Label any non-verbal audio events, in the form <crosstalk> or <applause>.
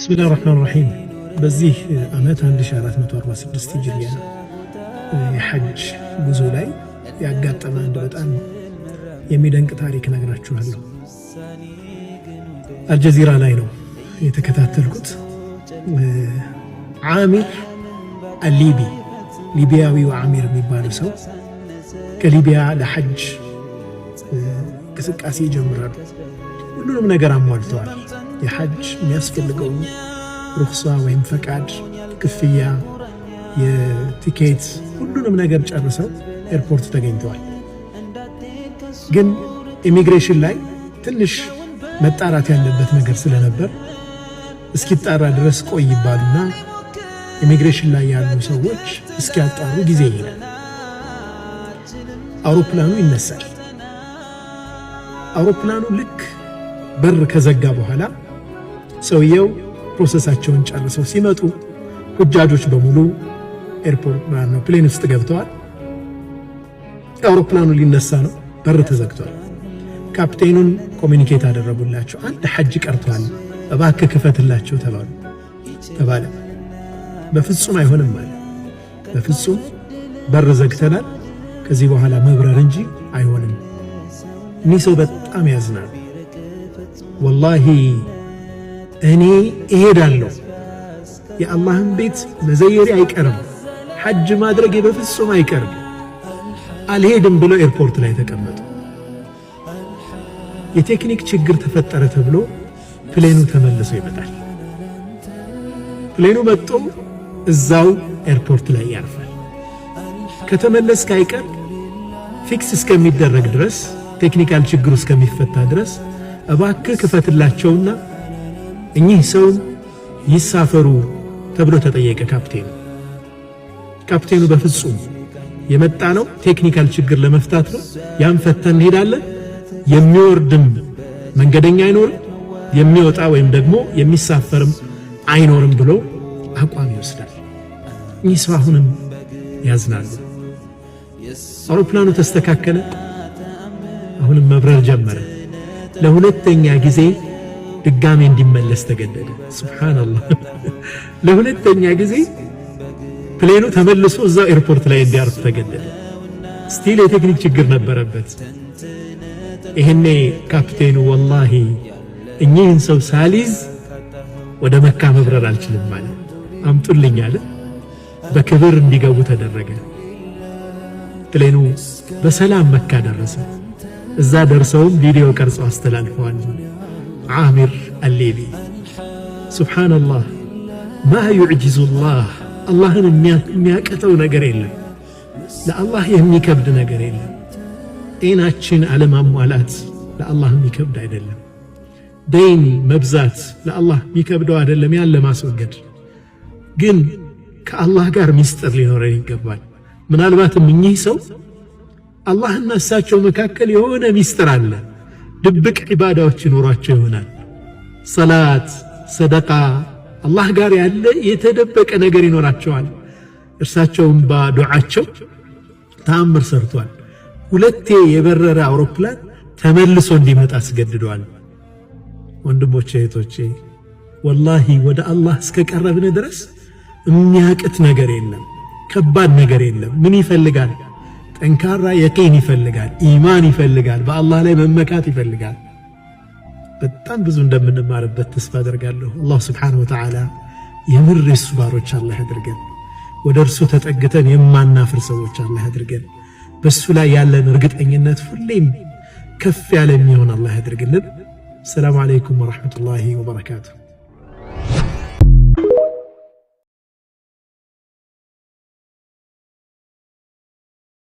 ብስሚላህ ራህማን ራሒም በዚህ ዓመት 1446 ሂጅሪያ የሐጅ ጉዞ ላይ ያጋጠመ አንድ በጣም የሚደንቅ ታሪክ ነግራችኋለሁ። አልጀዚራ ላይ ነው የተከታተልኩት። ዓሚር አሊቢ ሊቢያዊው ዓሚር የሚባለው ሰው ከሊቢያ ለሐጅ እንቅስቃሴ ይጀምራሉ። ሁሉንም ነገር አሟልተዋል። የሐጅ የሚያስፈልገው ሩክሳ ወይም ፈቃድ፣ ክፍያ፣ የቲኬት ሁሉንም ነገር ጨርሰው ኤርፖርት ተገኝተዋል። ግን ኢሚግሬሽን ላይ ትንሽ መጣራት ያለበት ነገር ስለነበር እስኪጣራ ድረስ ቆይ ይባሉና ኢሚግሬሽን ላይ ያሉ ሰዎች እስኪያጣሩ ጊዜ ይላል። አውሮፕላኑ ይነሳል። አውሮፕላኑ ልክ በር ከዘጋ በኋላ ሰውየው ፕሮሰሳቸውን ጨርሰው ሲመጡ ሁጃጆች በሙሉ ኤርፖርት ነው ፕሌን ውስጥ ገብተዋል። አውሮፕላኑ ሊነሳ ነው፣ በር ተዘግቷል። ካፕቴኑን ኮሚኒኬት አደረጉላቸው። አንድ ሐጅ ቀርቷል፣ እባክህ ክፈትላቸው ተባሉ ተባለ። በፍጹም አይሆንም አለ። በፍጹም በር ዘግተናል፣ ከዚህ በኋላ መብረር እንጂ አይሆንም። እኒህ ሰው በጣም ያዝናል ወላሂ እኔ እሄዳለሁ። የአላህን ቤት መዘየሪ አይቀርም፣ ሐጅ ማድረጌ በፍጹም አይቀርም። አልሄድም ብሎ ኤርፖርት ላይ ተቀመጡ። የቴክኒክ ችግር ተፈጠረ ተብሎ ፕሌኑ ተመልሶ ይመጣል። ፕሌኑ መጥቶ እዛው ኤርፖርት ላይ ያርፋል። ከተመለስ ካይቀር ፊክስ እስከሚደረግ ድረስ ቴክኒካል ችግሩ እስከሚፈታ ድረስ እባክህ ክፈትላቸውና እኚህ ሰው ይሳፈሩ ተብሎ ተጠየቀ ካፕቴኑ። ካፕቴኑ በፍጹም የመጣ ነው ቴክኒካል ችግር ለመፍታት ነው፣ ያን ፈተን እንሄዳለን። የሚወርድም መንገደኛ አይኖርም፣ የሚወጣ ወይም ደግሞ የሚሳፈርም አይኖርም ብሎ አቋም ይወስዳል። እኚህ ሰው አሁንም ያዝናሉ። አውሮፕላኑ ተስተካከለ፣ አሁንም መብረር ጀመረ። ለሁለተኛ ጊዜ ድጋሜ እንዲመለስ ተገደደ። ሱብሃንአላህ። <laughs> ለሁለተኛ ጊዜ ፕሌኑ ተመልሶ እዛው ኤርፖርት ላይ እንዲያርፍ ተገደደ። ስቲል የቴክኒክ ችግር ነበረበት። ይህኔ ካፕቴኑ ወላሂ እኚህን ሰው ሳሊዝ ወደ መካ መብረር አልችልም ማለት አምጡልኝ አለ። በክብር እንዲገቡ ተደረገ። ፕሌኑ በሰላም መካ ደረሰ። እዛ ደርሰውም ቪዲዮ ቀርጸው አስተላልፈዋል። ዓሚር አሌቪ ሱብሓነላህ ማ ዩዕጅዙላህ አላህን የሚያቀተው ነገር የለም። ለአላህ የሚከብድ ነገር የለም። ጤናችን አለማሟላት ለአላህ የሚከብድ አይደለም። ደይን መብዛት ለአላህ የሚከብደው አይደለም። ያን ለማስወገድ ግን ከአላህ ጋር ሚስጥር ሊኖረን ይገባል። ምናልባትም እኚህ ሰው አላህና እሳቸው መካከል የሆነ ሚስጥር አለ። ድብቅ ዒባዳዎች ይኖሯቸው ይሆናል። ሰላት፣ ሰደቃ፣ አላህ ጋር ያለ የተደበቀ ነገር ይኖራቸዋል። እርሳቸውም በዱዓቸው ተአምር ሰርቷል። ሁለቴ የበረረ አውሮፕላን ተመልሶ እንዲመጣ አስገድደዋል። ወንድሞቼ እህቶቼ፣ ወላሂ ወደ አላህ እስከ ቀረብን ድረስ የሚያቅት ነገር የለም፣ ከባድ ነገር የለም። ምን ይፈልጋል? ጠንካራ የቂን ይፈልጋል፣ ኢማን ይፈልጋል፣ በአላህ ላይ መመካት ይፈልጋል። በጣም ብዙ እንደምንማርበት ተስፋ አደርጋለሁ። አላህ ስብሓነሁ ወተዓላ የምር የሱ ባሮች አላህ ያድርገን። ወደ እርሱ ተጠግተን የማናፍር ሰዎች አላህ ያድርገን። በሱ ላይ ያለን እርግጠኝነት ሁሌም ከፍ ያለ የሚሆን አላህ ያድርግልን። ሰላም አለይኩም ወረሕመቱላሂ ወበረካቱ።